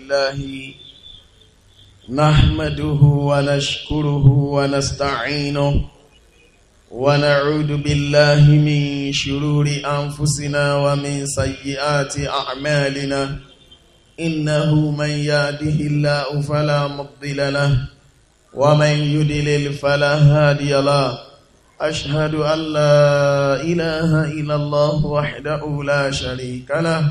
الله نحمده ونشكره ونستعينه ونعوذ بالله من شرور أنفسنا ومن سيئات أعمالنا إنه من ياده الله فلا مضل له ومن يدلل فلا هادي له أشهد أن لا إله إلا الله وحده لا شريك له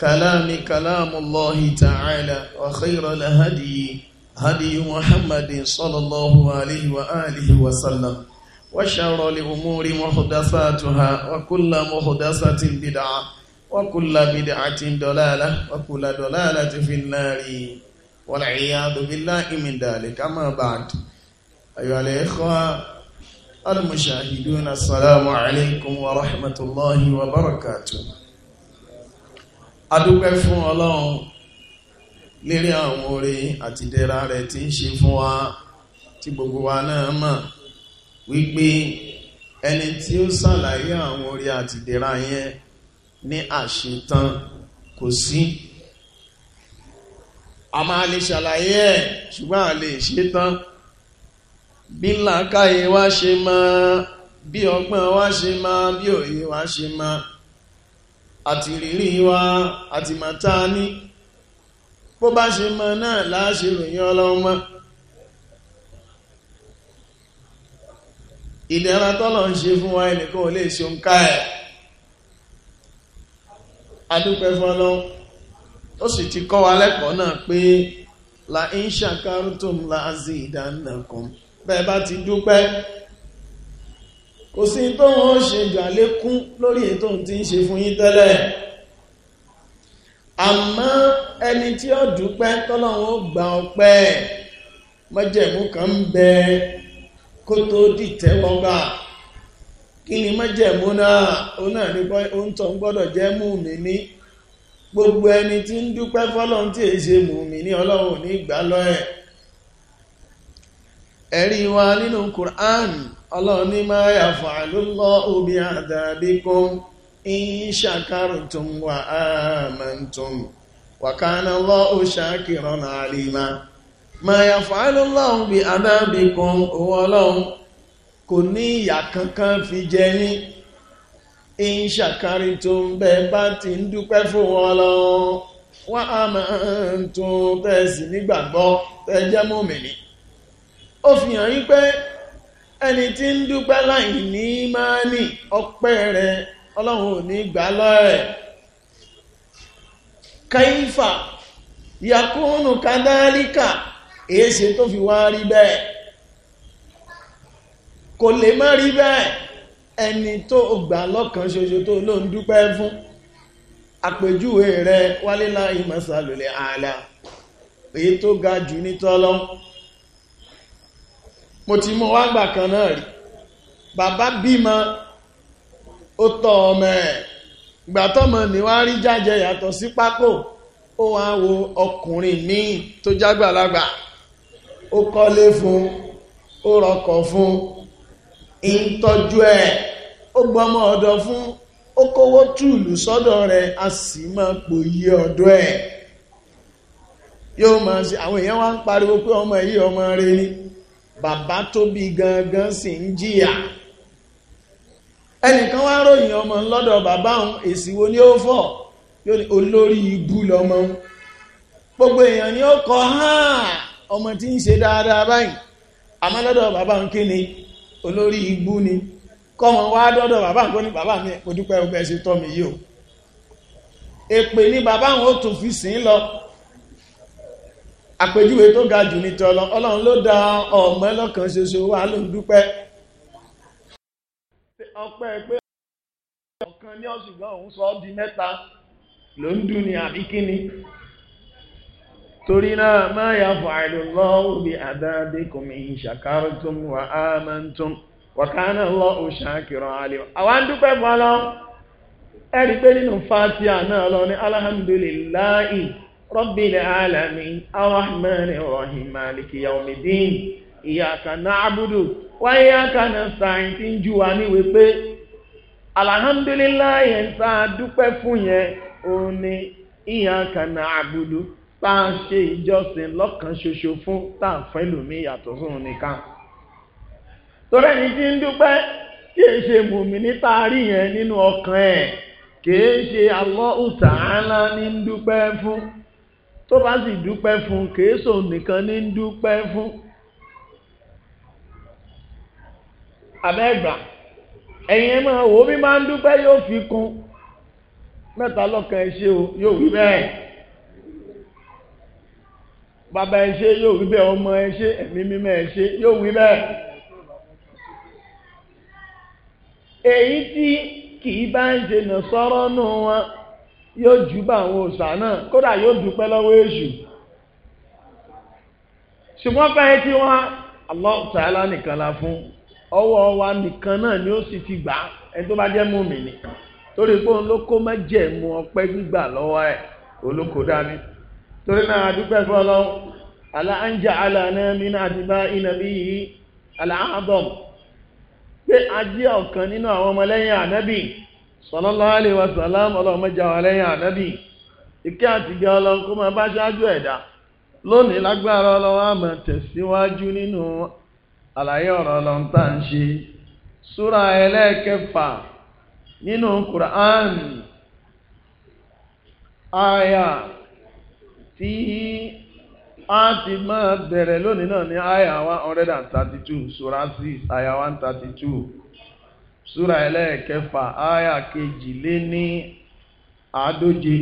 كلام كلام الله تعالى وخير الهدي هدي محمد صلى الله عليه وآله وسلم وشر الأمور محدثاتها وكل محدثة بدعة وكل بدعة دلالة وكل دلالة في النار والعياذ بالله من ذلك أما بعد أيها الإخوة المشاهدون السلام عليكم ورحمة الله وبركاته adúpẹ́ fún ọlọ́run lérí àwọn oore àti ìdẹ̀ra rẹ̀ tí ń ṣe fún wa tí gbogbo wa náà mọ̀ wípé ẹni tí ó ṣàlàyé àwọn oore àti ìdẹ̀ra yẹn ní àṣetán kò sí a máa lè ṣàlàyé ẹ̀ ṣùgbọ́n a lè ṣe bí làákàyè wa ṣe máa bí ọgbọ́n wa ṣe máa bí òye wa ṣe máa àti rírí wa àti màtá ní bó bá ṣe mọ náà láṣe ròyìn ọlọ́mọ ìdẹ̀ra tọ́lọ̀ ń ṣe fún wa ẹnìkan ò lè ṣe ń ká ẹ̀ adúpẹ́ fọ́lọ́ ó sì ti kọ́ wa lẹ́kọ̀ọ́ náà pé la ń ṣàkárùtùm láàzì ìdánnàkan bẹ́ẹ̀ bá ti dúpẹ́ kò sí tó wọ́n ṣe jù àlékún lórí ètò tí ń ṣe fún yín tẹ́lẹ̀ àmọ́ ẹni tí ó dúpẹ́ tọ́lọ́run ó gba ọpẹ́ májẹ̀mú kan ń bẹ kó tó dìtẹ́wọ́gbà kí ni májẹ̀mú náà ó náà ní oúntọ́ gbọ́dọ̀ jẹ́ mú mi ní gbogbo ẹni tí ń dúpẹ́ fọ́lọ́run tí èṣe mú mi ní ọlọ́run ní ìgbàlọ́ ẹ̀ ẹ̀rí wa nínú Qur'an ọlọ́run ní máa yà in shakartum wa amantum wa kana Allahu shakiran alima máa yà fa'alullahu owó ọlọ́run kò ní ìyà kankan fi jẹ in shakartum bẹ́ẹ̀ bá ti ń dúpẹ́ fún ọlọ́run bẹ́ẹ̀ sì nígbàgbọ́ jẹ́ ó fi hàn yí pé ẹni tí ń dúpẹ́ láì ní nì ọpẹ́ rẹ ọlọ́run ò ní gbà lọ́rẹ̀ kaifa yakunu kadalika èéṣe tó fi wá rí bẹ́ẹ̀ kò lè má rí bẹ́ẹ̀ ẹni tó gbà lọ́kàn ṣoṣo tó ló ń dúpẹ́ fún àpèjúwe rẹ wálé láì masalul àlà èyí tó ga jù ní tọ́lọ́. mo ti mú wá gbà kan náà rí bàbá bímọ ó tọ́ ọmọ ẹ ìgbà tọ́mọ ní wá rí jájẹ yàtọ̀ sí pákó ó wá wo ọkùnrin míì tó jágbàlagbà ó kọ́lé fún ó rọkọ fún ń tọ́jú ẹ̀ ó gbọ́mọ ọ̀dọ̀ fún ó kówó túùlù sọ́dọ̀ rẹ̀ a sì máa pòyí ọdọ ẹ̀ yóò máa ṣe àwọn èèyàn wá ń pariwo pé ọmọ yìí ọmọ rẹ̀ ni bàbá tó bí gangan sì ń jìyà ẹnìkan wá ròyìn ọmọ lọ́dọ̀ bàbá òun èsì wo ni ó fọ̀ yóò ní olórí ibú lọmọ gbogbo èèyàn ni ó kọ hàn ọmọ tí ń ṣe dáadáa báyìí àmọ́ lọ́dọ̀ bàbá òun kí ni olórí ibú ni kọ́mọ wá dọ́dọ̀ bàbá òun kó ní bàbá mi kò dúpẹ́ ṣe tọ́ mi yìí o èpè ni bàbá òun ó tún fi sìn lọ àpèjúwe tó ga jù ní tọ́lọ ọlọ́run ló dá ọmọ ẹlọ́kan ṣoṣo wà ló ń dúpẹ́ ọpẹ́ pé ọ̀kan ní ọ̀ṣùgbọ́n òun sọ di mẹ́ta ló ń dún ní àbíkíní torí náà máa yà fàìlú lọ́wọ́ bí àdáadékùn mi ṣàkárùtún wà á máa ń tún wàkánà lọ òṣàkìrọ̀ alẹ́ àwọn ń dúpẹ́ fún ọlọ́run ẹ̀rí رب العالمين الرحمن الرحيم مالك يوم الدين إياك نعبد وإياك نستعين tí na ju wa ní wípé alhamdulillah ni إياك نعبد tá a ṣe ìjọsìn lọ́kan ṣoṣo fún tá a fẹ́ lómi yàtọ̀ fún un tó bá sì dúpẹ́ fún kèésò nìkan ní dúpẹ́ fún abẹ́gbà ẹ̀yin ẹ̀ máa wò ó bí máa ń dúpẹ́ yóò fi kún mẹ́ta lọ́kàn ẹ̀ ṣe o yóò wí bẹ́ẹ̀ bàbá ẹ̀ yóò wí bẹ́ẹ̀ ọmọ ẹ̀ ẹ̀mí mímọ́ ẹ̀ yóò wí bẹ́ẹ̀ èyí tí kì í bá ń ṣe nà sọ́rọ́ nù wọn. yóò júbà àwọn òòṣà náà kódà yóò dúpẹ́ lọ́wọ́ èṣù ṣùgbọ́n fẹ́ẹ́ tí wọ́n Allah nìkan la fún ọwọ́ wa nìkan náà ni ó sì ti gbà ẹni tó bá jẹ́ mùmínì torí pé òun ló kó mú ọpẹ́ gbígbà lọ́wọ́ ẹ̀ olóko dání torí náà adúpẹ́ fún ọlọ́run aláǹjà alànà àti bá ìnàbí yìí aláàbọ̀m pé ajé ọ̀kan nínú àwọn ọmọlẹ́yìn ànábì sallallahu alaihi wasallam ọlọ́mọjà wà lẹ́yìn ànábì ìkẹ́ àti gẹ ọlọ́run kó máa bá ṣáájú ẹ̀dá lónìí lágbára ọlọ́run á máa tẹ̀síwájú nínú àlàyé ọ̀rọ̀ ọlọ́run tá à ń ṣe súra ẹlẹ́ẹ̀kẹfà nínú Qur'an aya tí a ti máa bẹ̀rẹ̀ lónìí náà ní aya one hundred and thirty two súra six aya one thirty two. súra ẹlẹ́ẹ̀kẹfà áyà kejì lé ní àádóje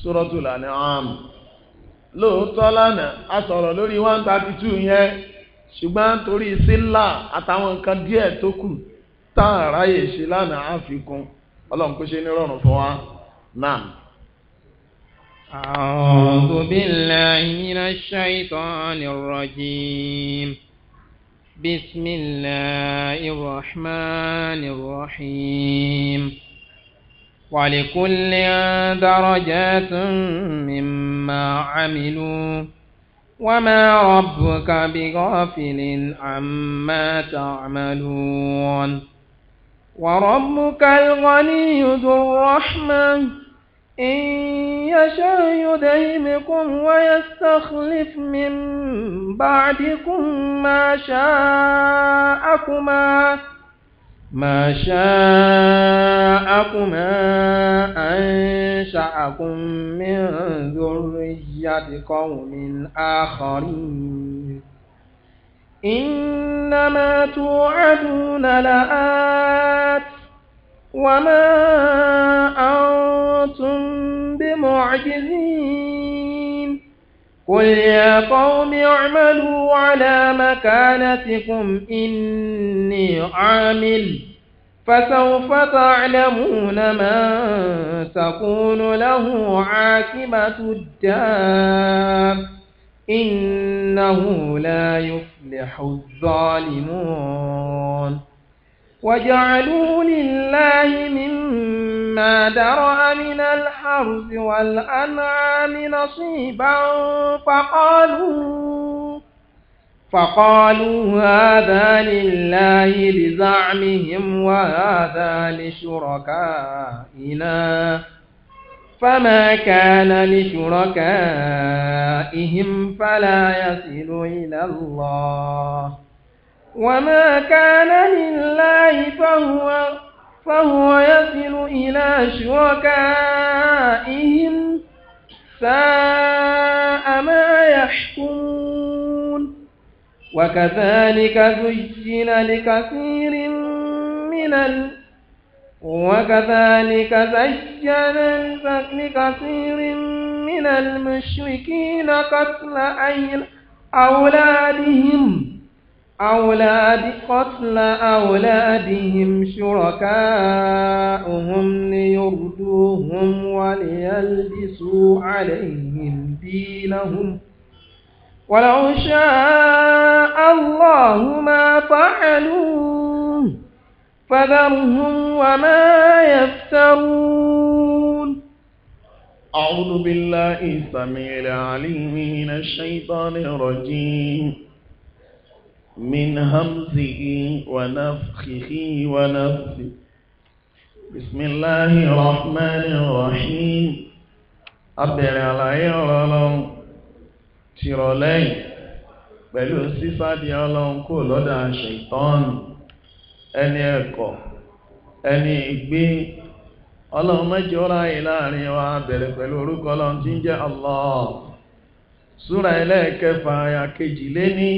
Suratul An'am lóòótọ́ lánàá a sọ̀rọ̀ lórí 132 ihe yẹn ṣùgbọ́n torí sílà àtàwọn nǹkan díẹ̀ tó kù tá ráyè ṣe lánàá àfikún ọlọ́run kó ṣe nírọ̀rùn fún wa náà. أعوذ بالله من الشيطان الرجيم بسم الله الرحمن الرحيم ولكل درجات مما عملوا وما ربك بغافل عما تعملون وربك الغني ذو الرحمه إن يشاء يذهبكم ويستخلف من بعدكم ما شاءكما ما شاءكما أنشأكم من ذرية قوم آخرين إنما توعدون لآت وما أنتم بمعجزين قل يا قوم اعملوا على مكانتكم إني عامل فسوف تعلمون من تكون له عاكمة الدار إنه لا يفلح الظالمون وجعلوا لله مما درأ من الحرث والأنعام نصيبا فقالوا فقالوا هذا لله بزعمهم وهذا لشركائنا فما كان لشركائهم فلا يصل إلى الله وما كان لله فهو, فهو يصل إلى شركائهم ساء ما يحكمون وكذلك زجل لكثير من ال... وكذلك زجل لكثير من المشركين قتل أولادهم أولاد قتل أولادهم شركاؤهم ليردوهم وليلبسوا عليهم دينهم ولو شاء الله ما فعلوه فذرهم وما يفترون أعوذ بالله السميع العليم من الشيطان الرجيم من همزه ونفخه ونفخه بسم الله الرحمن الرحيم أبدأ على يرلون تيرولين pẹ̀lú sísáàdì ọlọ́run kò lọ́dà ṣètọ́nù ẹni ẹ̀kọ́ ẹni ìgbé ọlọ́run mẹ́jọ ráyè láàrin wa bẹ̀rẹ̀ pẹ̀lú orúkọ ọlọ́run tí ń jẹ́ Allah súra ẹlẹ́ẹ̀kẹfà àyà kejì lé ní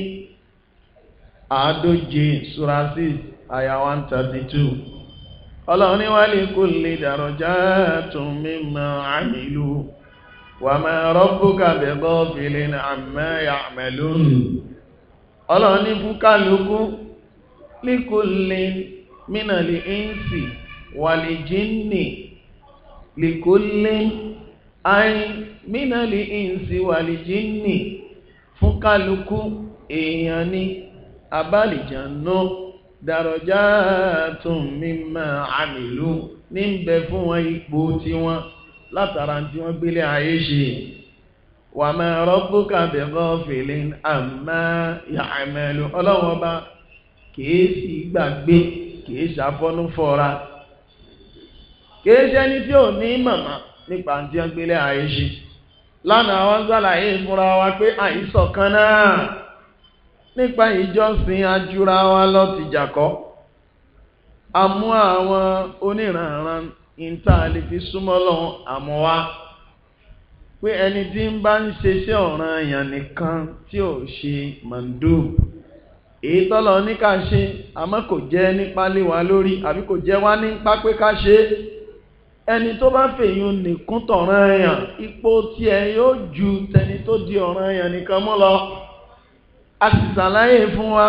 àádóje sura 6 àyà 132 thirty two ọlọ́run ní wálé kò tún mímọ́ àmìlú wà máa rọ́pò kàbẹ̀ bọ́ fìlẹ̀ àmọ́ àmẹ́lú ọlọ́run ní fúkàlùkù líkò lè mínà lè wà lè jínnì líkò mínà lè abálìjànú darajatun mimma àmìlú ní ń bẹ fún wọn ipò tiwọn látara tí wọ́n gbélé ayé ṣe wà máa rabbuka bi ghafilin amma ya'malu bá kìí sì gbàgbé kìí ṣàfọ́nú fọ́ra kìí ṣẹ́ni tí ò ní màmá nípa ṣe lánàá kan náà. nípa ìjọsìn ajúra wa lọ ti jàkọ́ a mú àwọn oníranran ìntàlè fi súnmọ́ lọ́hùn àmọ́ wá pé ẹni tí ń bá ń ṣeṣẹ́ ọ̀ràn èèyàn nìkan tí ò ṣe mandub èyí tọ́lọ ní ká ṣe àmọ́ kò jẹ́ nípa lé wa lórí àbí kò jẹ́ wá nípa pé ká ṣe ẹni tó bá fèyún nìkún tọ̀ràn èèyàn ipò tiẹ̀ yóò ju tẹni tó di ọ̀ràn èèyàn nìkan mú lọ. a sì ṣàlàyé fún wa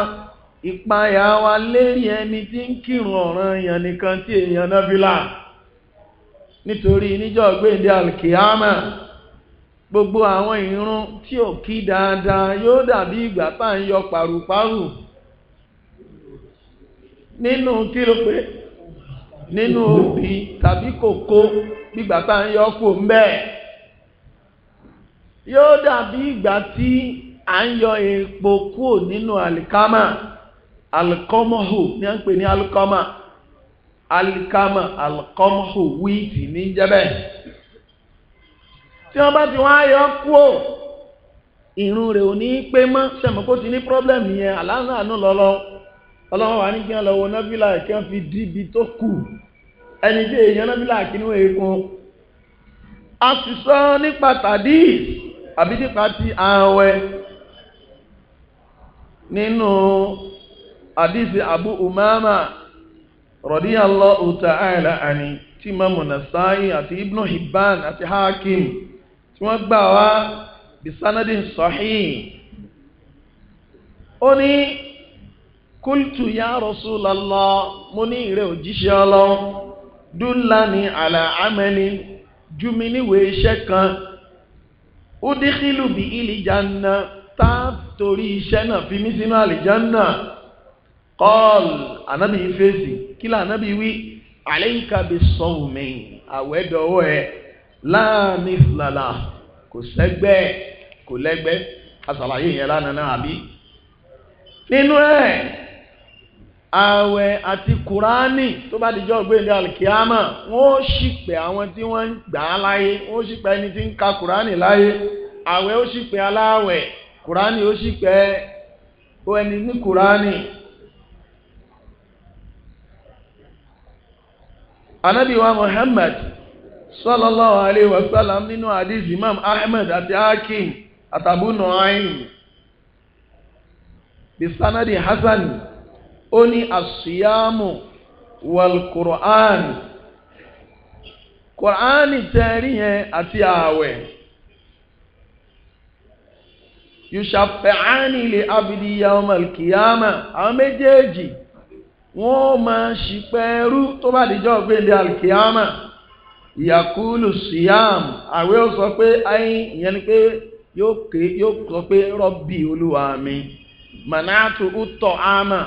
ìpayà wa lérí ẹni tí ń kírun ọ̀ràn èèyàn nìkan tí èèyàn náà fi là nítorí níjọ́ gbéǹde alkiyama gbogbo àwọn ìrun tí ò kí dáadáa yóò dàbí ìgbà tá à ń yọ pàrùpàrù nínú kí ló pé nínú obì tàbí kòkó gbígbà tá à ń yọ kò ń bẹ́ẹ̀ yóò dàbí ìgbà tí à ń yọ epo kúrò nínú alikama alikọmọhù ní à ń pè ní alikọmọ alikama alikọmọhù wíìtì ní jẹbẹ tí wọ́n bá ti wá yọ kúrò ìrun rẹ̀ ò ní pé mọ́ sẹmọ kó ti ní pírọblẹmù yẹn aláǹsàánú lọlọ Ọlọ́run wà ní kí wọ́n lọ wọ nọfìlà kí wọ́n fi díbi tó kù ẹni tí èèyàn nọfìlà kí ni wọ́n èèkùn a sì sọ nípa tàdí àbí nípa ti ààwẹ̀ nínú àdísì abu umama radiyallahu ta'ala àní tí imamu nasa'i àti ibnu hibban àti hakim tí wọ́n gbà wá bisanadin sahih ó ní kultu ya rasulallah mo ní ìrẹ òjíṣẹ́ ọlọ́run dúlani àlà amẹni júmi níwèé iṣẹ́ kan ó dínkìlù bí ìlìjànà tá torí iṣẹ́ náà fi mí sínú àlìjánà kọ́ọ̀l ànábì fèsì kí là ànábì wí àlẹ́yìnká bí sọ̀hùnmí àwẹ̀dọ̀wọ́ ẹ̀ láàmì làlà kò sẹ́gbẹ́ kò lẹ́gbẹ́ àṣàlàyé yẹn lánàá náà àbí. nínú ẹ̀ ààwẹ̀ àti kùránì tó bá dijọ́ gbẹ̀ndé alikiyama wọ́n ṣìpẹ̀ àwọn tí wọ́n ń gbà á láyé wọ́n ṣìpẹ̀ ẹni tí ń ka kùránì láyé ààwẹ̀ ó ṣìpẹ̀ aláwẹ̀ kùránì ó sì pẹ́ ó ẹni ní kùránì anábì wa Muhammad sallallahu alaihi wasallam nínú hadith Imam Ahmad àti Hakim àtàbùnà ayin bisanadi hasan ó ní asiyamu wal Qur'an Qur'ani tẹ́rí yẹn àti ààwẹ̀ yushafẹ́ánì lè abidiyà ọmọ kìyàmà àwọn méjèèjì wọ́n máa ṣìpẹ̀ ẹrú tó bá dìjọ́ gbélé alkìyàmà ìyàkúlù síyàm àwẹ̀ ó sọ pé ayé ìyẹn ni pé yóò sọ pé rọ́bì olúwa mi manatu utọ̀ ama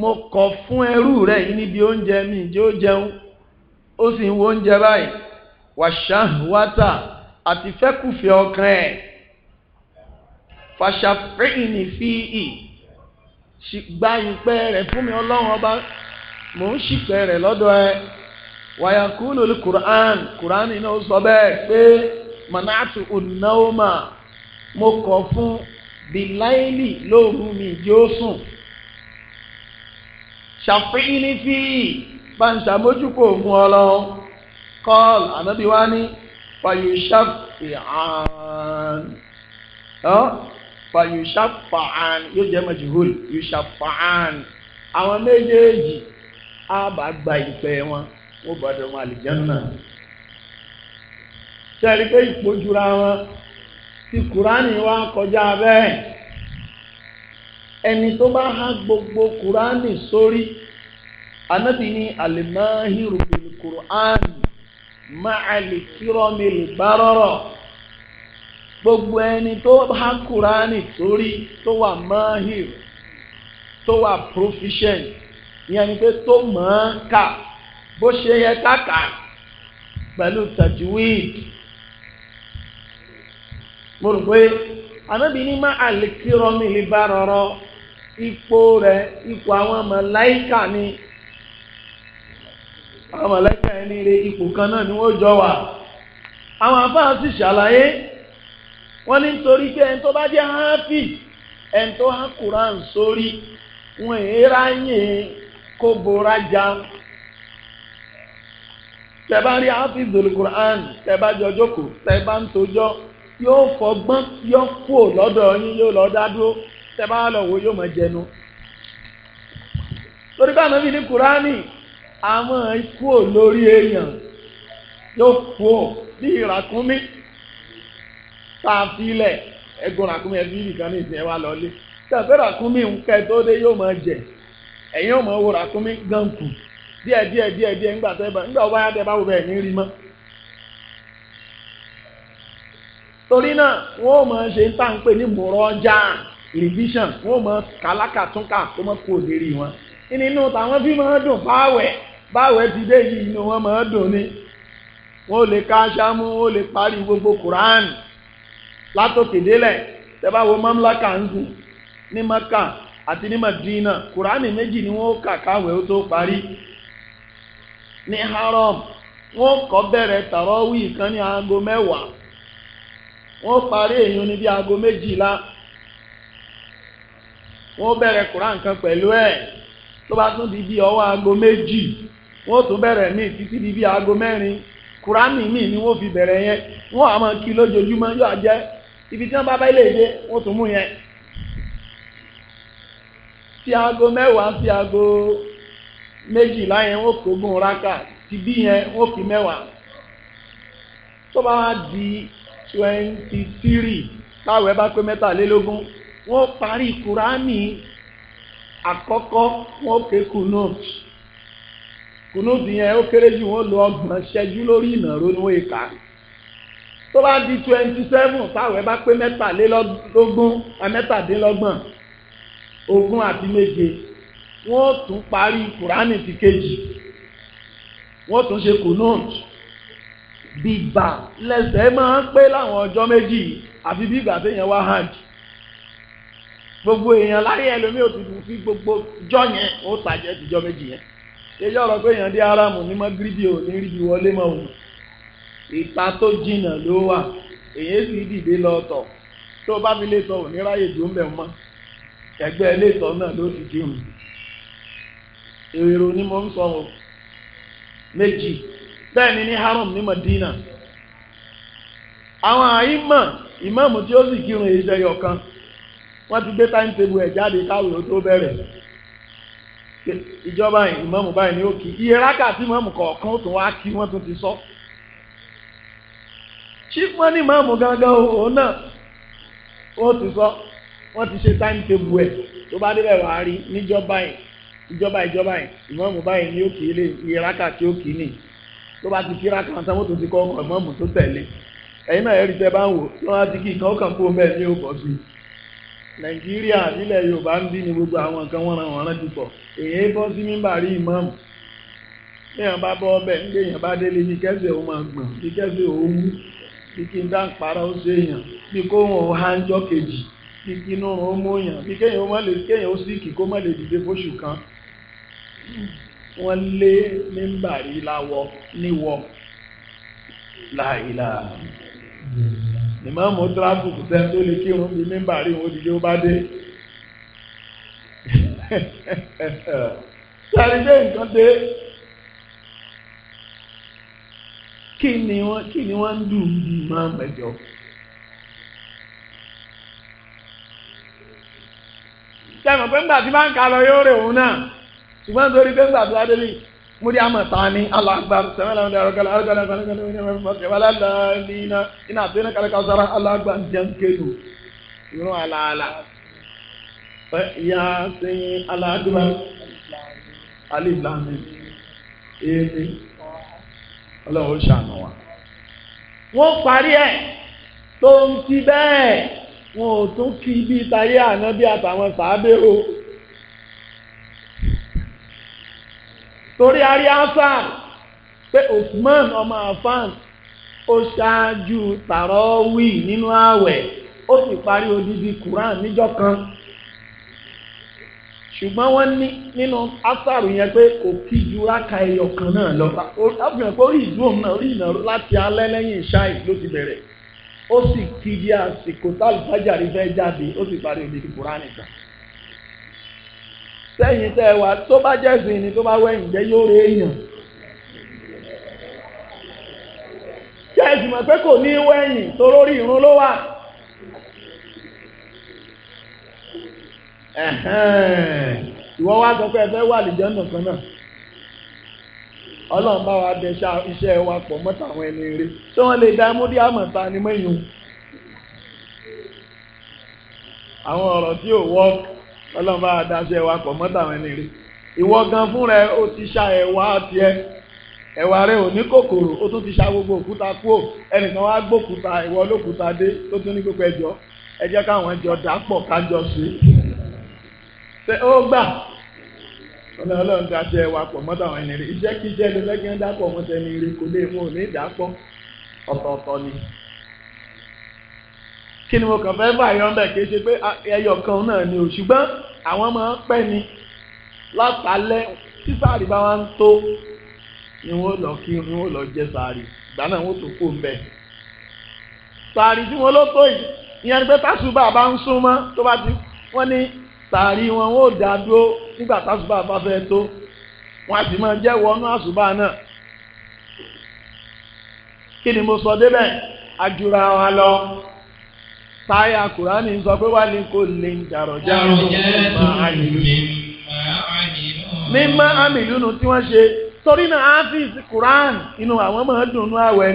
mo kọ̀ fún ẹrú rẹ̀ níbi oúnjẹ mi jẹ́ ó jẹun ó sì ń wo oúnjẹ báyìí wàṣà wátà àti fẹ́kùfẹ́ ọkàn ẹ̀ fàṣàfẹ́yìnì fi ì gba ìpẹ́ rẹ̀ fún mi ọlọ́run ọba mò ń ṣìpẹ́ rẹ̀ lọ́dọ̀ ẹ wàyàkú lórí quran quran iná ó sọ bẹ́ẹ̀ pé manatu onaoma mo kọ̀ fún bilaili lóòrùn mi yóò sùn ṣàfẹ́yìnì fi ì bá ń ṣàmójúkò fún ọlọ́run kọ́ọ̀l ànábíwá fàyè ṣàfihàn fa yushafa'an yóò jẹ́ majhul yushafa'an àwọn méjèèjì á bá gba ìpẹ́ wọn ó bá dọ̀ wọn àlìjánná sẹ́rí pé ìpójúra wọn ti kùránì wa kọjá bẹ́ẹ̀ ẹni tó bá há gbogbo kùránì sórí anabi ni alimahiru bil kùránì máa lè kírọ́ gbogbo ẹni tó há kúránì sórí tó wà mahir tó wà proficient ìyẹn ni pé tó mọ̀ ọ́n kà bó ṣe yẹ ká kà pẹ̀lú tajwid mo rò pé ànábì ní má àlékírọ́ mi lè bá rọrọ́ ipò rẹ̀ ipò àwọn màláíkà ni àwọn màláíkà ẹni rẹ̀ ipò kan náà ni wọ́n jọ wà àwọn afáàsì ṣàlàyé wọ́n ní nítorí pé ẹni tó bá jẹ́ hápì ẹni tó há Quran sórí wọn èé ráyè kó bora já tẹ́bá rí hápì zòlù Quran tẹ́bá jọ jókòó tẹ́bá ń tojọ́ yóò fọgbọ́n yọ kúò lọ́dọ̀ yín yóò lọ́ọ́ dá dúró tẹ́bá lọ wo yóò máa jẹnu torí pé ànábì ní Kúránì àwọn ikú lórí èèyàn yóò kú bí ìràkúnmí tá a filẹ̀ ẹgùn ràkúnmí ẹbí nìkan ní ìsìn ẹ wá lọlé tẹ̀sán ràkúnmí nǹkẹ́ tó dé yóò máa jẹ ẹ̀yin ò mọ̀ wo ràkúnmí gànkù díẹ̀ díẹ̀ díẹ̀ díẹ̀ ńgbà tẹ́ bá ńgbà ọba yàtẹ̀ bá wo bẹ́ẹ̀ ní rí mọ́. torí náà wọ́n ò ṣe ń tà fi máa dùn báwẹ̀ báwẹ̀ ti dé yìí inú wọn máa dùn ni. ò lè gbogbo kùránì látòkè délẹ̀ tẹ́bá wo mamlaka ń gùn ní maka àti ní madina kùránì méjì ni wọ́n kà káwé ó tó parí ní haram wọ́n kọ́ bẹ̀rẹ̀ tàrọ́wì kan ní aago mẹ́wàá wọ́n parí èyàn ní bí aago méjìlá wọ́n bẹ̀rẹ̀ kùránì kan pẹ̀lú ẹ̀ tó bá tún di bí ọwọ́ aago méjì wọ́n tún bẹ̀rẹ̀ títí di bí aago mẹ́rin kùránì míì ni wọ́n fi bẹ̀rẹ̀ yẹn wọ́n kí lójoojúmọ́ yóò ibi tí wọ́n bá bá ilé ìdè wọ́n tún mú yẹn tí aago mẹ́wàá sí aago méjìlá yẹn wọ́n kó gùn rákà ti bí yẹn wọ́n fi mẹ́wàá tó bá wá di twenty three táwọn ẹ bá pé mẹ́tàlélógún wọ́n parí kúránì àkọ́kọ́ wọ́n ké kunut kunut yẹn ó kéré jù wọ́n lo ọgbọ̀n ṣẹ́jú lórí ìnàró ni wọ́n yẹ kà á tó bá di twenty seven táwọn ẹ bá pé mẹ́tàlélógún mẹ́tàdínlọ́gbọ̀n ogún àti méje wọ́n tún parí kùránì ti kejì wọ́n tún ṣe kùnúùt bìgbà lẹ́sẹ̀ máa ń pé láwọn ọjọ́ méjì àfi bí ìgbà téèyàn wá hajj gbogbo èèyàn láyé ẹlòmíì ò ti dùn sí gbogbo jọ yẹn ó tàjẹ́ tìjọ méjì yẹn ṣé yọ̀rọ̀ pé èèyàn dé aráàmù ní mọ́gírídì ò ní ríbi wọlé mọ́ òun. ìta tó jìnnà ló wà èyí sì dìde lọ tọ̀ tó o bá fi lè tọ̀ òní ráyè dùn bẹ̀ ẹgbẹ́ lè sọ náà ló ti dì èrò ni mo ń sọ o méjì bẹ́ẹ̀ ni ní haram ní Madina àwọn àyímọ̀ ìmáàmù tí ó sì kan wọ́n ti gbé ẹ̀ jáde káwé ó tó bẹ̀rẹ̀ ìjọba báyìí iye rákà sọ. chief money máàmù gangan òun náà ó ti sọ wọ́n ti ṣe time table ẹ̀ tó bá débẹ̀ wàá rí níjọba yìí ìjọba ìjọba yìí ìmọ̀ọ́mù báyìí ni ó kì í lè ìraka tí ó kì í nì tó bá ti kí raka tán mọ́tò ti kọ́ ìmọ̀ọ́mù tó tẹ̀lé ẹ̀yin náà ẹ̀rí tẹ́ bá ń wò tí wọ́n ti kí nǹkan ó kàn fún bẹ́ẹ̀ ní òkò sí i nàìjíríà nílẹ̀ yorùbá ń dín ní gbogbo àwọn nǹkan wọn ràn wọ́n rán ti pọ̀ èyí bọ́ sí mímbà rí ìmọ̀ọ́mù téèyàn bá bọ́ ọbẹ̀ nígbèyàn bá délé ní kẹ́sẹ̀ òun máa gbọ̀n ní kẹ́sẹ̀ òun bí kí n dá ń para ó sí èèyàn bí kó wọn ò há ń jọ kejì bí kí inú òun ó mú èèyàn bí kéèyàn ó má lè kéèyàn ó síkì kó má lè dìde fóṣù kan wọ́n lé mímbàrí láwọ níwọ láìlà ìmọ̀ọ́mù tíráfù sẹ́ni tó lè kírun bí mímbàrí òun dìde ó bá dé sáré dé nǹkan dé. kí ni wọ́n kí ni wọ́n ń dùn bí máa ń pẹ̀jọ́. sẹ́mi pé ńgbà tí máa ń ka lọ yóò rè òun náà ṣùgbọ́n torí pé ńgbà tí wọ́n délé múdi àmọ̀ ta ni alàgbà sẹ́mi làwọn ọ̀dọ́ ọ̀gá ọ̀gá ọ̀gá ọ̀gá ọ̀gá ọ̀gá ọ̀gá iná àti iná kálíkà sára alàgbà jẹ́ńkélu ìrún àlàálà ìyá sẹ́yìn alàgbà alìblámi èèmí. ọlọ́run ó ṣàánú wa. wọ́n parí ẹ̀ tó ń ti bẹ́ẹ̀ wọn ò tún kí ibi táyé ànábì àtàwọn sàábé o. torí arí hasan pé Usman ọmọ afan ó ṣáájú tàrọ́wì nínú ààwẹ̀ ó sì parí odidi Quran níjọ kan. ṣùgbọ́n wọ́n ní nínú ásàrù yẹn pé kò kí ju ẹyọ kan náà lọ láfihàn pé orí ìlú òun náà orí ìnà láti alẹ́ lẹ́yìn ti bẹ̀rẹ̀ ó sì kí di àsìkò tálùfájà rí fẹ́ jáde ó sì parí òdìdí Seyin kan sẹ́yìn tẹ́ ẹ wá tó bá jẹ́ sìn ni tó bá wẹ̀yìn jẹ́ yóò rí èèyàn jẹ́ ìsìnmọ̀ pé kò ìwọ wá sọ pé ẹ fẹ́ wà lìjọ́ nìkan náà ọlọ́run bá wa dẹ iṣẹ wa pọ̀ mọ́ tàwọn ẹni rí tí wọ́n lè dá múdí ta ni méyùn àwọn ọ̀rọ̀ tí ò wọ́ ọlọ́run bá pọ̀ ẹni rí ìwọ gan ẹ ó ti ṣá ẹwà ẹwà rẹ ò ní kòkòrò ti ṣá gbogbo òkúta wá gbókúta ìwọ olókúta dé tó tún ṣe ó gbà ọ̀nà ọlọ́run ká ṣe ẹwà pọ̀ mọ́tò àwọn ẹni rí iṣẹ́ kí iṣẹ́ ló fẹ́ kí wọ́n dápọ̀ mọ́tò ẹni rí kò lè mú òní ìdápọ̀ ọ̀tọ̀ọ̀tọ̀ ni. kí ni mo kàn fẹ́ fà yọ̀ ń bẹ̀ kí ṣe pé ẹyọ kan náà ni ò ṣùgbọ́n àwọn máa ń pẹ́ ni látàlẹ́ tí sáàrì bá wá ń tó ni wọ́n lọ kí ni wọ́n lọ jẹ sáàrì ìgbà náà wọ́n tó kó ń bẹ̀. sáàrì tí wọ́n ló tó yìí ìyẹn ni pé tásùbà bá ń súnmọ́ tó bá ti wọ́n ní sàárì wọn ó dá dúró nígbà tásùbà bá fẹ́ tó wọn a sì máa jẹ́ wọnú àsùbà náà kí ni mo sọ débẹ̀ àjùra wa lọ táyà kùránì sọ pé wà ní kò lè ní máa tí wọ́n ṣe torí náà kùránì inú àwọn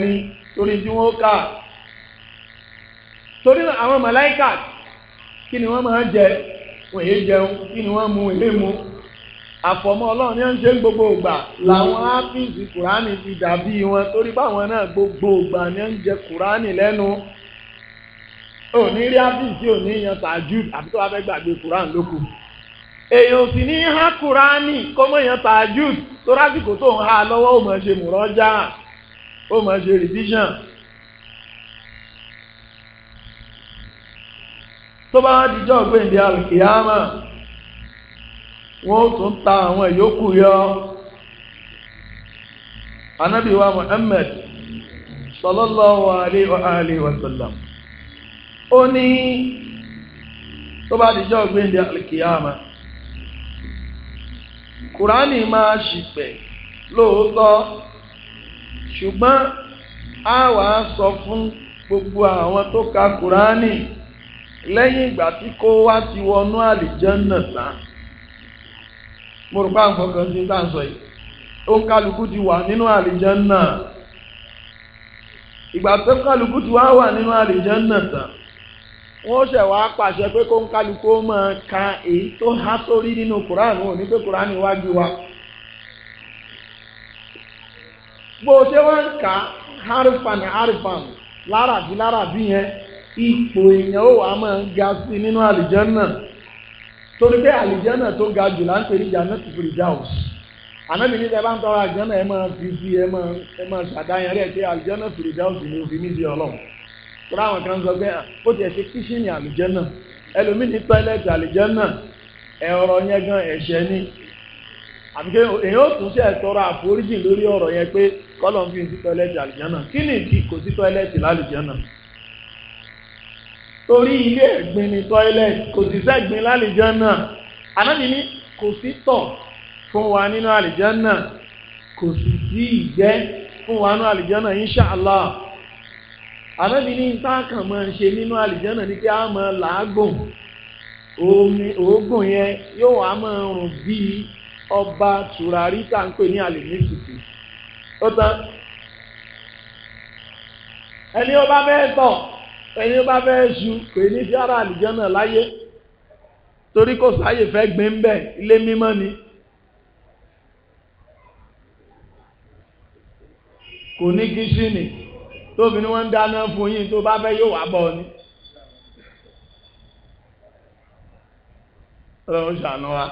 ni torí tí wọ́n kà torí náà àwọn kí ni wọ́n wọ́n èyí jẹun kí ni wọ́n mu èyí mu àfọ̀mọ́ ọlọ́run ní ọ̀nṣẹ́ gbogbo ìgbà làwọn áfíìsì kùránì ti dàbí wọn torí báwọn náà gbogbo ìgbà ní ọ̀nṣẹ́ kùránì lẹ́nu òní rí áfíìsì òní yan tàjú àbí tó wàá fẹ́ gbàgbé kùránì lóko èèyàn sì ní há kùránì kó mọ̀ yan tàjú tó lásìkò tó ń há lọ́wọ́ ó máa ṣe mùrọ́jà ó máa ṣe rìdíṣàn tó bá wá dijọ́ gbèǹde alùkìyàmà wọ́n tún ta àwọn ìyókù yọ anabi wa muhammed sallallahu alayhi wa alayhi wa sallam ó ní tó bá dijọ́ gbèǹde alùkìyàmà kùránì máa ṣìpẹ̀ lóòótọ́ ṣùgbọ́n a wàá sọ fún gbogbo àwọn tó ka kùránì. lẹ́yìn ìgbà tí kó wá ti wọnú àlìjẹ́nà tán mo rò pé àwọn kan ti ń tà ń sọ yìí ó ń ti wà nínú àlìjẹ́nà ìgbà tó kálukú ti wà nínú tán wọ́n ṣẹ̀ wá pàṣẹ pé kó ń kálukú ó máa ka èyí tó há sórí nínú pé wájú wa bó ṣe wá ń kà ipò èèyàn ó wàá máa ga sí nínú àlìjánà torí pé àlìjánà tó ga jù là ń pè ní jannatu firdaus ànábì ní sẹ́ẹ̀ bá ń tọrọ àlìjánà ẹ máa fi sí ẹ máa ẹ máa ṣàdáyàn rẹ̀ pé àlìjánà firdaus ni òfin níbi ọlọ́run torí àwọn kan sọ pé ah, ó ti ẹ̀ ṣe kíṣìnì àlìjánà ẹlòmíì ní tọ́ílẹ̀tì àlìjánà ẹ̀rọ yẹn gan ẹ̀ṣẹ̀ ni àbíkẹ́ èyàn ó tún ṣe ẹ̀tọ́rọ àforíjì lórí ọ̀rọ̀ yẹn pé kọ́lọ̀ ń fi sí tọ́ílẹ̀tì àlìjánà kí ni ìdí kò sí tọ́ílẹ̀tì lálìjánà torí ilé ẹ̀gbin ni toilet kò sì sẹ́gbin lálìjánà ànábì ní kò sí tọ̀ fún wa nínú àlìjánà kò sì sí ìgbẹ́ fún wa nínú àlìjánà inṣàlá ànábì ní táàkàn máa ń ṣe nínú àlìjánà ní kí a máa làágùn omi òógùn yẹn yóò wá máa rùn bíi ọba tùràrí tá à ń pè ní àlìmísìkì ó tán ẹni ó bá bẹ́ẹ̀ tọ̀. ẹni bá fẹ́ ṣu pè ní sí ara àlìjánà láyé torí kò sáyè fẹ́ gbé ń bẹ̀ ilé mímọ́ ni. kò ní kíṣìnì tóbi ni wọ́n ń dáná fún yín tó bá fẹ́ yóò wá bọ̀ ni. ọlọ́run ṣàánú wa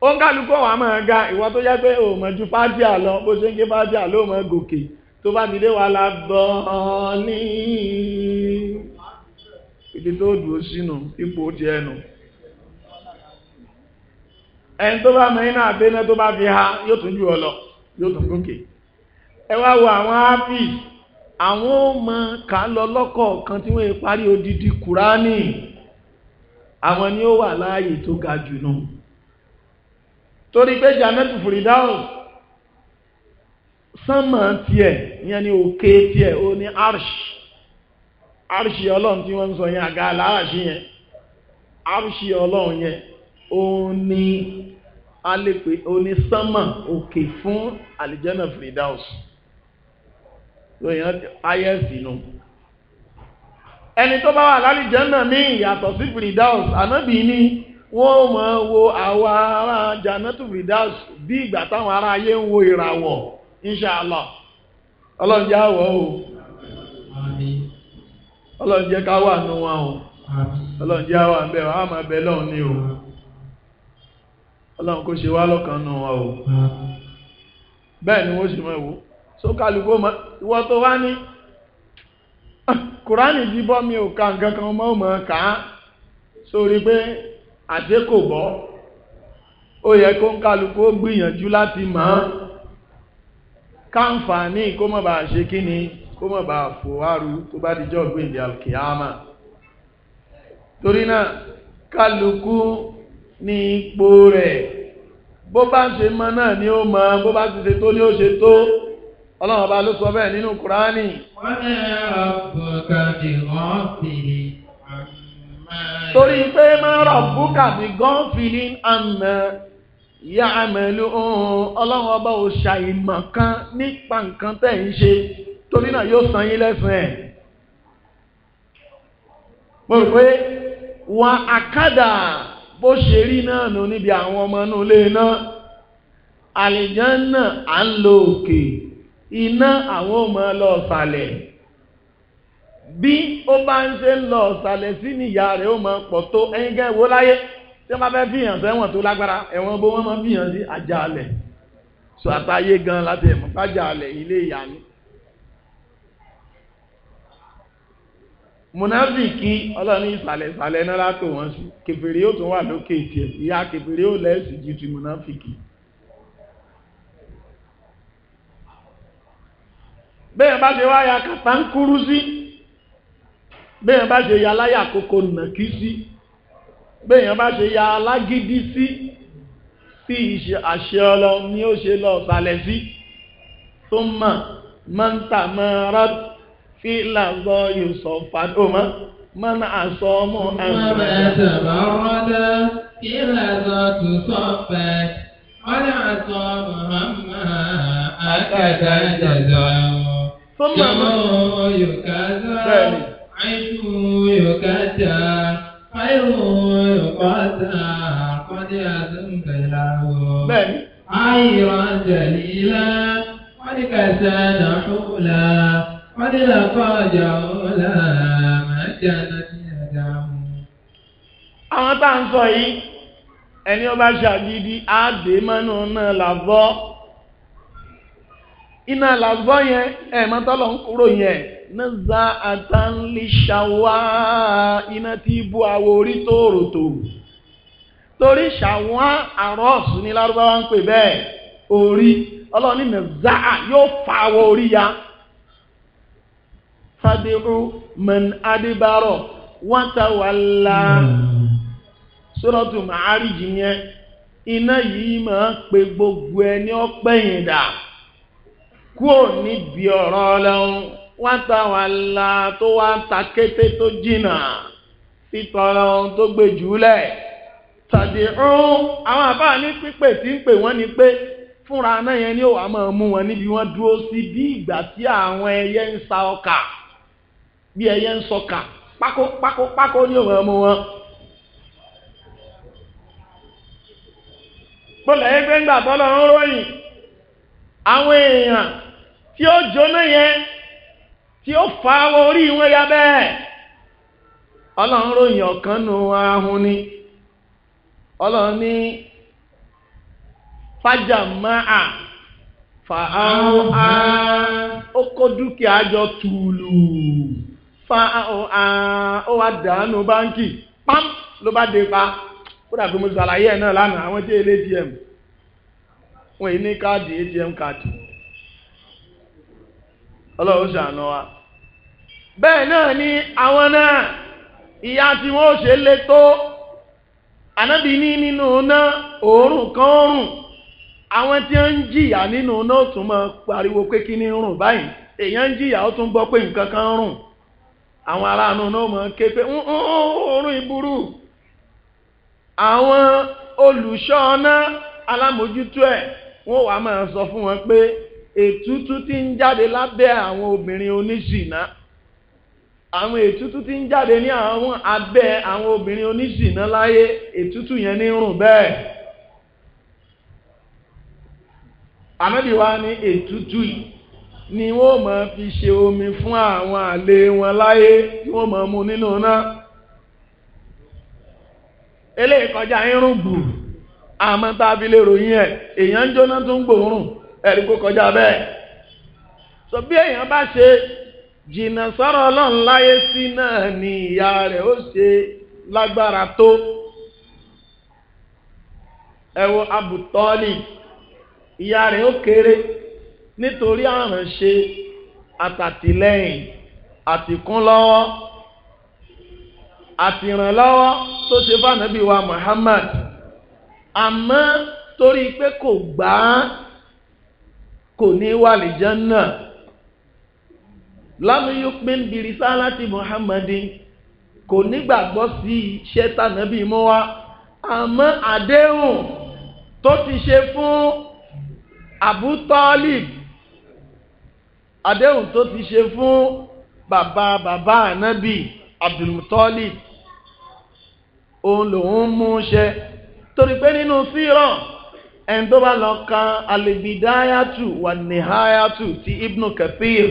ó ń kálukọ́ wa máa ga ìwọ tó yẹ pé òun mọ̀ ju fájíà lọ bó ṣe ń gé fájíà ló mọ̀ gòkè. tó bá ti dé wà lábọ́n ní ibi tó dùn sínú ipò ti ẹnu ẹni tó bá mẹ́rin náà bẹ́ẹ̀ náà tó bá fi ha yóò tún jù yóò tún gòkè wo àwọn ápì àwọn ọmọ kà lọ kan tí wọ́n parí odidi àwọn ni ó wà láàyè tó ga jù nù torí pé sánmà tiẹ̀ ìyẹn ní òkè tiẹ̀ ó ní arṣì arṣì ọlọ́run tí wọ́n ń sọ yẹn àga aláàṣì yẹn arṣì ọlọ́run yẹn ó ní alẹ́pẹ́ ó ní sánmà òkè fún àlìjẹ́nà Firdaus lóyún ayẹ́sì nù ẹni tó bá wà lálìjẹ́nà ní ìyàtọ̀ sí Firdaus ànábì ní wọ́n mọ̀ wo àwọn ará jannatu Firdaus bí ìgbà táwọn ará ayé ń wo ìràwọ̀. inṣàlá ọlọ́run jẹ́ àwọ̀ o ọlọ́run jẹ́ ká wà nù wọn o ọlọ́run àwọ̀ àbẹ̀ wọn á máa bẹ ní o ọlọ́run kò ṣe wá lọ́kàn nù wọn o bẹ́ẹ̀ ni wọ́n sì mọ̀ so kálukú ìwọ tó wá ní ah, kùránì ti bọ́ mi ò ka nǹkan kan mọ́ mọ́ ká sórí pé àdé kò bọ́ ó yẹ kó gbìyànjú káǹfààní kó mọ̀ bá ṣe kí ni kó mọ̀ bá fòwárú tó bá di jọ́ ìdí alkiyama torí náà kálukú ní ipò rẹ̀ bó bá ṣe mọ náà ni ó mọ bó bá ti ṣe tó ni ó ṣe tó ọlọ́run ọba ló sọ bẹ́ẹ̀ nínú kúránì. wọ́n ní ọ̀bùkà torí pé máa rọ̀ bùkà bí gọ́ǹfìlì àmì ìyá àmẹ́lú ọlọ́run ọba ò ṣàìmọ̀ kan nípa nǹkan tẹ̀ ń ṣe torí náà yóò san yín lẹ́sìn ẹ̀. mo rò pé wà àkàdà bó ṣe rí náà nù níbi àwọn ọmọ inú ilé náà àlìjánná à ń lo òkè iná àwọn ò lọ ọ̀sàlẹ̀ bí ó bá ń ṣe ń lọ ọ̀sàlẹ̀ sí nìyá rẹ̀ ó máa pọ̀ tó ẹ̀yin gẹ́ wo láyé tí wọ́n bá fẹ́ fìyàn sẹ́wọ̀n tó lágbára ẹ̀wọ̀n gbogbo wọn máa fìyàn sí àjàalẹ̀ sọ àtàyé gan láti ẹ̀mọ́ àjàalẹ̀ ilé ìyá ni. munafiki ọlọ́ni ìsàlẹ̀ ìsàlẹ̀ náírà tó wọ́n sí kẹfìrí yóò tún wà lókè tiẹ̀ ìyá kẹfìrí yóò lẹ́sì ju ti munafiki. bẹ́ẹ̀ bá ṣe wáyà kàtàǹkúrú sí bẹ́ẹ̀ bá ṣe yà láyà kókó nàkí sí béèyàn bá ṣe ya alágídí sí tí àṣẹ ọlọ ni ó ṣe lọ sàlẹ̀ sí tó mọ̀ mọ́ńtà mọ́ra fi làzọ yòsọ̀ fàdó mọ́ mọ́nà àṣọ ọmọ àṣọ. wọ́n bẹ̀rẹ̀ sọ̀rọ̀ rọ́dọ̀ kí làzọ tó sọ fẹ́ wọ́n àṣọ mọ̀hámà àkàdá jẹjọ. tó mọ̀ mọ́ yòókà sọ àìsùn yòókà jà. Báyọ̀ ẹ̀kọ́ ta àkọ́dé àdúgbẹ̀láwò. Bẹ́ẹ̀ni. Ayọ̀ jẹ̀lílá, wọ́n ní kẹsẹ̀ náà ṣúlá, wọ́n ní lọ́kọ́ ọjà ọ̀la, màá jẹ́ àná sí ẹ̀dá mu. Àwọn tá à ń sọ yìí, ẹni ọba ṣàgídí, á dé náà làbọ́. Iná làbọ́ yẹn, ẹ̀ẹ̀mọ́tọ́lọ́ ń kúrò yẹn náza àtànlẹ́ṣàwá iná tí bú awọ orí tòròtò torí ṣàwá àrọ́ọ̀sù ní lárúbáwá ń pè bẹ́ẹ̀ orí ọlọ́ọ̀ni nàza yóò fa awọ orí ya fàdéhù mẹ́n adébárọ̀ wọ́n ta wà lá sọ́dọ̀tù màárìjì yẹn iná yìí máa ń pe gbogbo ẹni ọpẹ́yìn dà kúò níbi ọ̀rọ̀ ọlọ́run wátawàlá tó wá ta kété tó jìnnà títọrọ tó gbé jùlẹ̀ tàdí rún àwọn àbá ní pípè tí ń pè wọ́n ni pé fúnra náà yẹn ni ó wàá máa mú wọn níbi wọ́n dúró sí bí ìgbà tí àwọn ẹyẹ ń sa ọkà bí ẹyẹ ń sọkà pákó ni ó máa mú wọn. bọ́lá ẹgbẹ́ ń gbà tọ́lọ́ ń ròyìn àwọn èèyàn tí ó jóná yẹn tí ó fa awọ orí ìwé ya bẹ́ẹ̀ ọlọ́run ròyìn ọ̀kan ahun ni ọlọ́run ní fájàmáà fàáhùn á ó kó dúkìá jọ tùlù fàáhùn á ó wá dànù báńkì pam ló bá dé pa ó mo ṣàlàyé náà lánàá àwọn tí ilé atm wọn ọlọ́run ṣàánú wa bẹ́ẹ̀ náà ni àwọn náà ìyà tí wọ́n ṣe lé tó ànábì ní nínú náà òórùn kan rùn. àwọn tí ó ń jìyà nínú náà ó tún máa pariwo pé kí ni rùn báyìí èèyàn ń jìyà ó tún gbọ́ pé nǹkan kan rùn àwọn aráàánú náà máa ké pé òórùn ìbúrú. àwọn olùṣọ́ náà alámòjútó ẹ̀ wọ́n wàá máa sọ fún wọn pé ètútú ti ń jáde lábẹ́ àwọn obìnrin oníṣìná àwọn ètútú tí ń jáde ní àwọn abẹ́ àwọn obìnrin oníṣìná láyé ètútú yẹn wa ní ni wọ́n máa fi ṣe omi fún àwọn àlè wọn láyé tí wọ́n máa mu nínú náà eléyìí kọjá irun gbù àmọ́ tá a fi lè ròyìn ẹ̀ èèyàn ń ẹ̀rí kó kọjá bẹ́ẹ̀. sọ bí èèyàn bá ṣe jìnnà sọ̀rọ̀ ọlọ́run láyé sí náà ni ìyá rẹ̀ ó ṣe lágbára tó. ẹ wo abùtọ́lì ìyá rẹ̀ ó kéré nítorí àrànṣe àtàtìlẹ́yìn àtìkúnlọ́wọ́ àtìrànlọ́wọ́ tó ṣe fànàbí wa Muhammad àmọ́ torí pé kò gbà á kò ní wà lè jẹ́nà lámúyú pín birisa láti muhammadin kò nígbàgbọ́ sí iṣẹ́ tànàbí mọ́ wa àmọ́ àdéhùn tó ti ṣe fún abu talib àdéhùn tó ti ṣe fún bàbá bàbá ànábì abdulmutalib òun lòun mú ṣe torí pé nínú síran ẹni tó bá lọ kan alibidayatu wa nihayatu ti ibnu kathir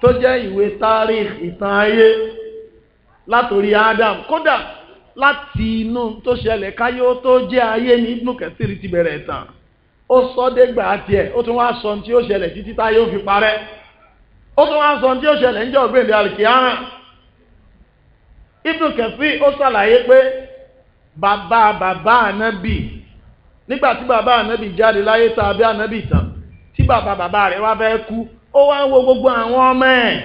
tó jẹ́ ìwé tarikh ìtàn ayé látòrí adam kódà láti inú tó ṣẹlẹ̀ káyọ́ tó jẹ́ ayé ní ibnu kathir ti bẹ̀rẹ̀ tán ó sọ dégbà tiẹ̀ ó tún wá sọ tí ó ṣẹlẹ̀ títí táyé ó fi parẹ́ ó tún wá sọ tí ó ṣẹlẹ̀ níjọ́ ògbéǹde alikiyama ibnu kathir ó ṣàlàyé pé bàbá bàbá ànábì nígbà tí bàbá ànábì jáde láyé tá a bí ànábì tán tí bàbá bàbá rẹ̀ wá fẹ́ kú ó wá ń wo gbogbo àwọn ọmọ ẹ̀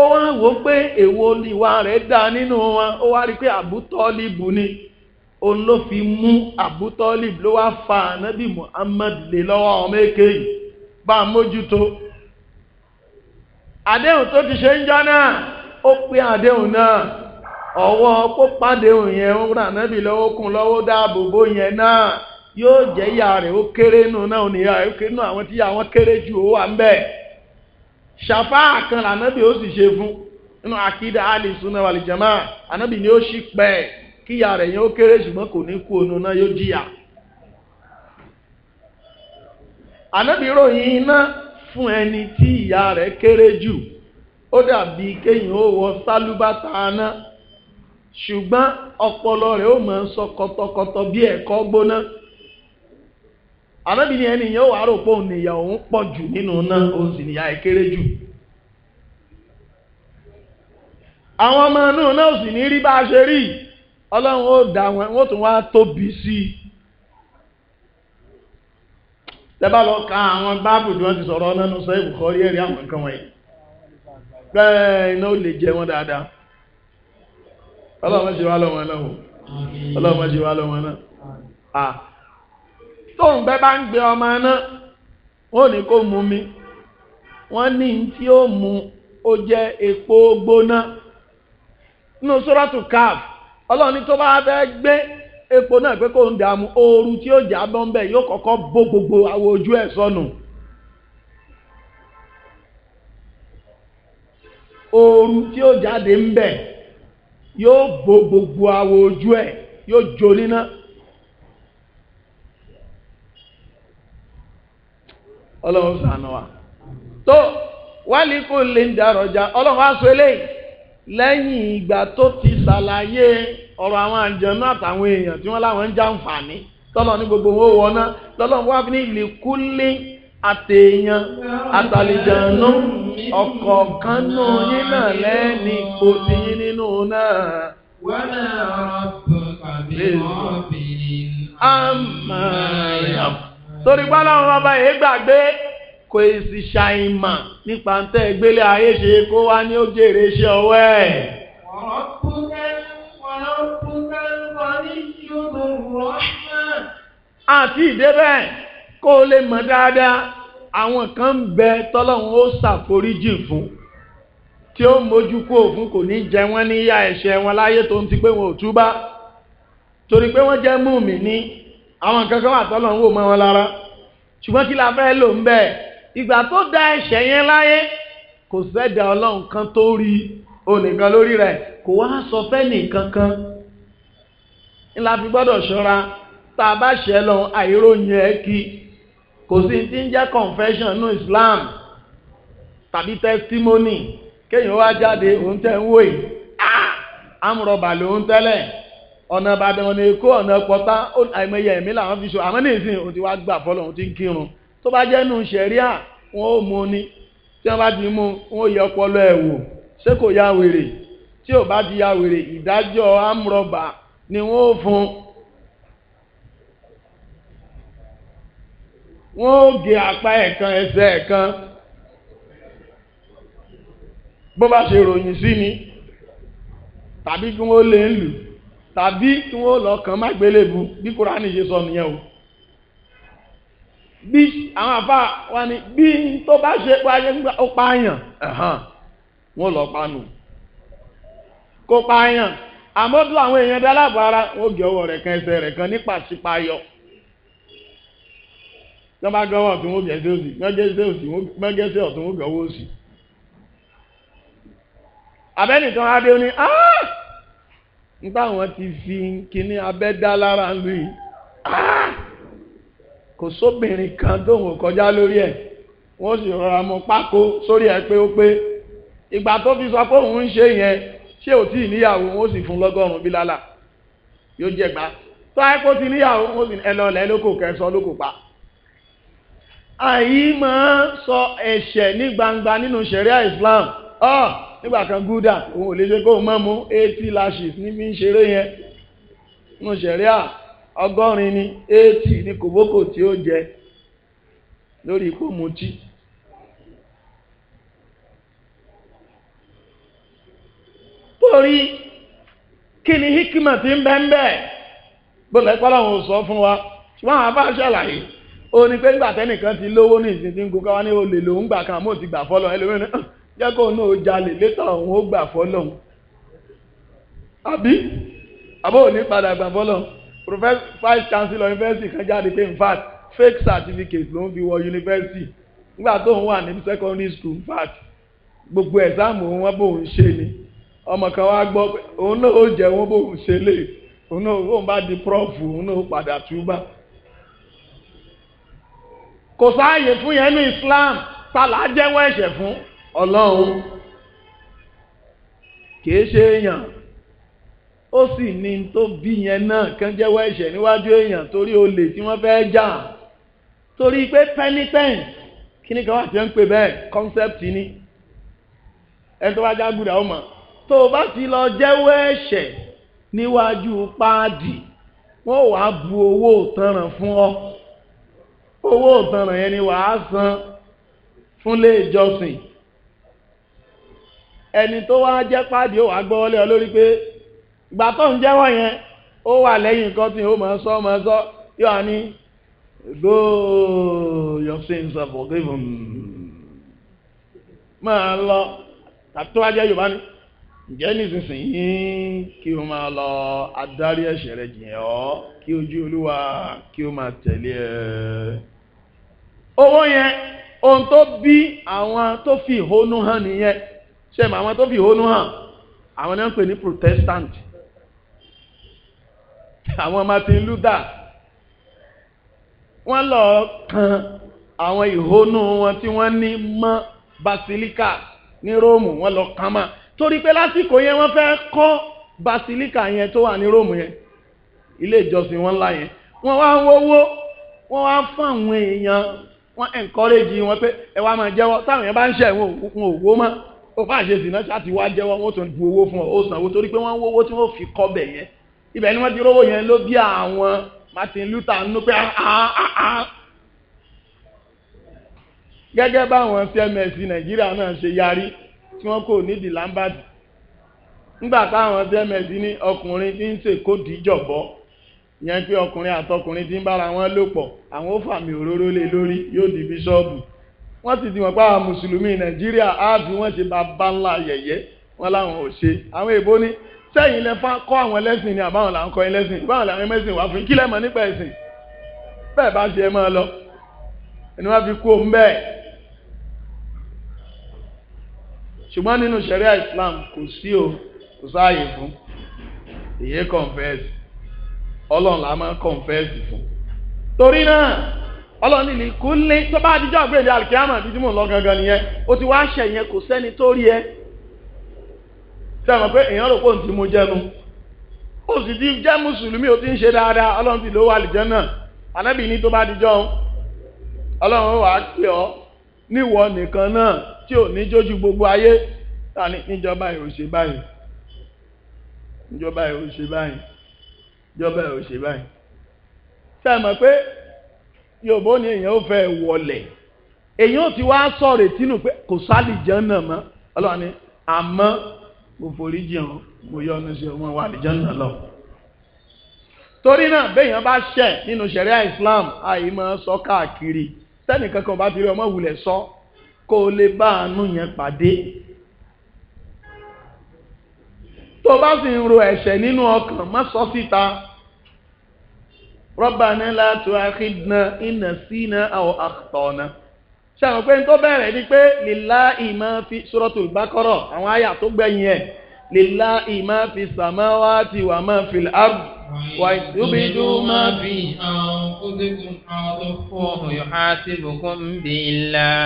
ó wá ń wò ó pé èwo ìwà rẹ̀ dá nínú wọn ó wá rí pé àbútọ́líbù ni òun ló fi mú àbútọ́líbù ló wá fa ànábì muhammad lé lọ́wọ́ ọmọ èké yìí bá a mójútó àdéhùn tó ti ṣe ń jọ náà ó pé àdéhùn náà. ọwọ́ pópàdé òyìn ẹ̀hún rànẹ́bì lọ́wọ́ kún lọ́wọ́ dáàbò yẹn náà yóò jẹ́ ìyá rẹ̀ ó kéré nù náà ò ní ìyá rẹ̀ ó kéré nù àwọn tí àwọn kéré jù ó wà ń bẹ̀. ṣàfá kan rànẹ́bì ó sì ṣe fún nínú akídà alìsúná wàlìjàmá rànẹ́bì ni ó pẹ́ kí ìyá rẹ̀ yẹn ó fún ẹni tí ìyá rẹ̀ kéré jù ó dàbí ó wọ sálúbátà ṣùgbọ́n ọpọlọ rẹ̀ ó máa ń sọ kọtọkọtọ bí ẹ̀kọ́ gbóná arábìnrin ẹni yẹn ó wàá rò pé nìyà òun pọ̀ jù nínú náà òun sì nìyà jù àwọn ọmọ inú náà sì ní rí bá a ṣe rí ọlọ́run ó dà wọn wọ́n tún wá tóbi sí i tẹ́bá lọ ka àwọn báàbù tí wọ́n ti sọ̀rọ̀ nínú sọ ẹ̀rí àwọn nǹkan wọ̀nyí bẹ́ẹ̀ wọn dáadáa. ọlọ́run jẹ́ wá lọ́wọ́ náà ọlọ́run jẹ́ wá lọ́wọ́ náà à tóun bẹ́ bá ń gbé ọmọ náà ní kó mu mi wọ́n ní tí ó mu ó jẹ́ epo gbóná nínú ọlọ́run ní tó bá fẹ́ gbé epo náà pé kó ń dààmú ooru tí ó jà bọ́ ń bẹ̀ yóò kọ́kọ́ gbogbo àwọn ojú ẹ̀ ooru tí ó jáde yóò bo gbogbo àwọ̀ ojú ẹ̀ yóò jó níná ọlọ́run ṣàánú wa tó wálé kò lè ń darọ̀jà ọlọ́run eléyìí lẹ́yìn ìgbà tó ti ṣàlàyé ọ̀rọ̀ àwọn àjẹnú àtàwọn èèyàn tí wọ́n láwọn ń jàǹfààní tọ́lọ̀ ní gbogbo owó wọná wá ní ọ̀kọ̀ọ̀kan nù yín náà lẹ́ni ipò ti yín nínú náà. wọ́n náà rọ̀bù kàbí wọ́n bìrì àmàlà. torí pálá àwọn bàbá yìí gbàgbé kò sì ṣàìmà nípa ń tẹ́ gbélé ayé ṣe kó wá ní ó jèrè iṣẹ́ ọwọ́ ẹ̀. ọ̀rọ̀kú àti ìdébẹ̀ kó lè mọ̀ dáadáa àwọn kan ń bẹ tọ́lọ́run ó ṣàforíjì fún tí ó mójú kó òfun kò ní jẹ wọ́n níyà ẹ̀ṣẹ̀ wọn láyé tó ń ti pé wọn ò túbá torí pé wọ́n jẹ́ múmi ní àwọn kan kan wà tọ́lọ́run wò mọ́ wọn lára ṣùgbọ́n kí la fẹ́ lò ń bẹ̀ ìgbà tó dá ẹ̀ṣẹ̀ yẹn láyé kò sẹ́dà ọlọ́run kan tó rí onìkan lórí rẹ̀ kò wá sọ fẹ́nì kankan ńlá fi gbọ́dọ̀ ṣọ́ra tá a bá ṣẹ́ lọ àìróyìn ẹ̀ kí kò sí ti ń jẹ́ confession nínú Islam tàbí testimony kéèyàn wá jáde òun tẹ́ ń wò yìí ah! amúrọ̀bà lòun tẹ́lẹ̀ ọ̀nà Ìbàdàn ọ̀nà Èkó ọ̀nà pọ́tà àìmọye ẹ̀mí làwọn fi ṣo àmọ́ nísìnyí òun ti wá gbà fọ́lọ́ òun ti ń kírun tó bá jẹ́ nù sẹ̀ríà wọn ò mú ni tí wọ́n bá ti mú wọn ò yẹ ọpọlọ ẹ̀ wò ṣé kò ya wèrè tí ò bá ti ya wèrè ìdájọ́ amúrọ̀bà ni wọ́n ò fún un. wọ́n ó gé apá ẹ̀kan ẹsẹ̀ ẹ̀kan bó bá ṣe ròyìn sí ni tàbí kí wọ́n lè ń lù tàbí kí wọ́n lọ kàn má gbélébu bí kúránì ṣe sọ nìyẹn o bí àwọn àbá wa ni bí tó bá ṣe pé ayé ó pààyàn wọ́n lọ panu kó pààyàn àmọ́ tó àwọn èèyàn dálábọ̀ ara wọ́n gé ọwọ́ rẹ̀ kan ẹsẹ̀ rẹ̀ kan ní pàṣípàyọ tó bá gọ́wọ́ ọ̀tún wọ́n gẹ̀ẹ́sẹ̀ òsì gẹ́gẹ́sẹ̀ ọ̀tún wọ́n gọ́wọ́ òsì abẹ́nìkan adé ó ní áá nípa àwọn ti fi kíní abẹ́ dá lára ń rí áá ah! kò sóbìnrin kan tóun kọjá lórí ẹ̀ wọ́n sì rọra mọ pákó sórí ẹ̀ pé ó pé ìgbà tó fi sọ pé òun ń ṣe yẹn ṣé ò tí ì níyàwó wọ́n sì fún lọ́gọ́rùn-ún bí lálà yóò jẹ̀gbá tó ayé kó ti níyàwó wọ́n sì ẹ lọ lẹ́ lóko kẹsàn-án lóko pa. àyí máa sọ ẹ̀ṣẹ̀ ní gbangba nínú sẹ̀ríà Islam ọ́ nígbà kan gúdà òun ò lè ṣe kó o mọ́ mú eighty lashes ní bí ń ṣeré yẹn nínú sẹ̀ríà ọgọ́rin ní eighty ní kòbókò tí ó jẹ lórí ikú mutí. torí kí ni hikima ti ń bẹ́ẹ̀ bẹ́ẹ̀ bó làwọn ò sọ fún wa ṣùgbọ́n àwọn ó ní pé nígbà tẹ́nìkan ti lówó ní ìsìn tí ń gbókọ́ wá ní olè lòún gbà kan àmọ́ ti gbà fọ́lọ́ ẹlòmíràn ah, jẹ́ kó náà ó jalè létọ̀ òun ó gbà fọ́lọ́ àbí àbó òní padà gbà fọ́lọ́ professor vice chancellor university kan jáde pé in fake certificate ló ń fi wọ university nígbà tó ń wà ní secondary school in fact gbogbo exam òun wọn bóun ṣe ni ọmọ kan wá gbọ́ pé òun náà ó jẹ́ wọn bóun ṣe lè òun náà ó bá di prof òun náà ó padà túbà kò sáàyè fún yẹn ní Islam tàlà jẹ́wọ́ ẹ̀ṣẹ̀ fún Ọlọ́run kìí ṣe èèyàn ó sì ní tó bí yẹn náà kàn jẹ́wọ́ ẹ̀ṣẹ̀ níwájú èèyàn torí olè tí wọ́n fẹ́ẹ́ jà torí pé penitence kí ni kan wà tí wọ́n ń pè bẹ́ẹ̀ concept ni ẹni tó bá já gùdà ó mọ̀ tó o bá ti lọ jẹ́wọ́ ẹ̀ṣẹ̀ níwájú páàdì wọ́n wàá bu owó òtanràn fún ọ owó òtanràn yẹn ni wàá san fúnlé ìjọsìn ẹni tó wá jẹ́ pàdé ó wàá gbọ́wọ́lé ọ lórí pé ìgbà tó ń jẹ́wọ́ yẹn ó wà lẹ́yìn nǹkan tí ó máa sọ máa sọ yóò wá ní go your sins are forgiven máa lọ tàbí tó wá jẹ́ yorùbá ni ǹjẹ́ nísinsìnyí kí o máa lọ adarí ẹ̀ṣẹ̀ rẹ̀ jìn ọ́ kí ojú olúwa kí o máa tẹ̀lé ẹ. owó yẹn ohun tó bí àwọn tó fi ìhónú hàn nìyẹn ṣe mọ àwọn tó fi ìhónú hàn àwọn náà ń pè ní protestant àwọn Martin Luther wọ́n lọ kan àwọn ìhónú wọn tí wọn ní mọ basilica ní Róòmù wọn lọ kàn mọ́ torí pé lásìkò yẹn wọ́n fẹ́ kọ́ basilica yẹn tó wà ní Róòmù yẹn ilé ìjọsìn wọn ńlá yẹn wọ́n wá ń wówó wọ́n wá ń fún àwọn èèyàn wọ́n encourage wọn pé ẹ wá máa jẹ́wọ́ táwọn yẹn bá ń ṣe ìwọ̀n òkun òwò mọ́ ó fà ṣe sì náà ṣáàtì wá jẹ́wọ́ wọ́n tún bu owó fún ọ ó pé wọ́n ń owó tí wọ́n fi yẹn ni wọ́n ti rówó yẹn ló bí àwọn Martin Luther ń pé ah, ah, ah, gẹ́gẹ́ báwọn CMS Nàìjíríà náà ìyẹn pé ọkùnrin àtọkùnrin ti ń bára wọn lò pọ̀ àwọn ó fàmì òróró lé lórí yóò di bíṣọ́ọ̀bù wọ́n ti dìwọ̀n pa àwọn mùsùlùmí nàìjíríà áàbì wọ́n ṣe bàbá ńlá yẹ̀yẹ́ wọ́n láwọn ò ṣe àwọn èèbó ní sẹ́yìn lẹ fá kọ́ àwọn ẹlẹ́sìn ni àbáwọn là ń kọ́ ẹlẹ́sìn ìbáwọn làwọn ẹlẹ́sìn wà fún kí lẹ́mọ̀ nípa ẹ̀sìn bẹ́ẹ̀ bá ṣe ẹ máa lọ ẹni wọ́n fi kú òun bẹ́ẹ̀ ṣùgbọ́n nínú ṣẹ̀ríà Islam kò sí o kò sáàyè fún èyí confess ọlọ́run la máa kọ̀ǹfẹ́ẹ̀sì fún torí náà ọlọ́run nìlí kú lé tó bá dijọ́ àgbèrè alikiyama bíi gangan nìyẹn o ti wá ṣẹ̀ yẹn kò sẹ́ni tó rí ẹ sẹ́wọ̀n pé èèyàn rò pé òun ti mú jẹnu o sì ti jẹ́ mùsùlùmí o ti ń ṣe dáadáa ọlọ́run ti ló wà lìjẹ́ náà ànábì ní tó bá dijọ́ ọlọ́run wàá pè gbogbo ayé níjọba báyìí níjọba jọba ẹ̀ ò ṣe báyìí ṣe mọ̀ pé yorùbá ni èèyàn ò fẹ́ wọlẹ̀ èèyàn ò ti wá sọ̀rọ̀ ìtinú pé kò sálì jẹun náà mọ́ ọlọ́run ni àmọ́ mo forí jẹun mo yọ ọ́nà sí ọmọ wa àlìjẹun náà lọ. torí náà béèyàn bá ṣẹ̀ nínú ṣẹ̀ríà Islam àyè máa sọ káàkiri sẹ́nìkankan bá ti rí ọmọ wulẹ̀ sọ kó o lè bá àánú yẹn pàdé tó bá sì ń ro ẹ̀ṣẹ̀ nínú ọkàn má sọ síta Rabbana la tu'akhidna in nasina aw akhta'na ṣàwọn pé tó bẹ̀rẹ̀ ni pé lillahi ma fi suratul Baqara àwọn àyà tó gbẹ̀yìn ẹ̀ lillahi ma fi samawati wa ma fil ard wa ìdúbìdú ma fi àwọn kó dé kún àwọn tó fọ́ ọ̀yọ́ àti bùkún bí ilá.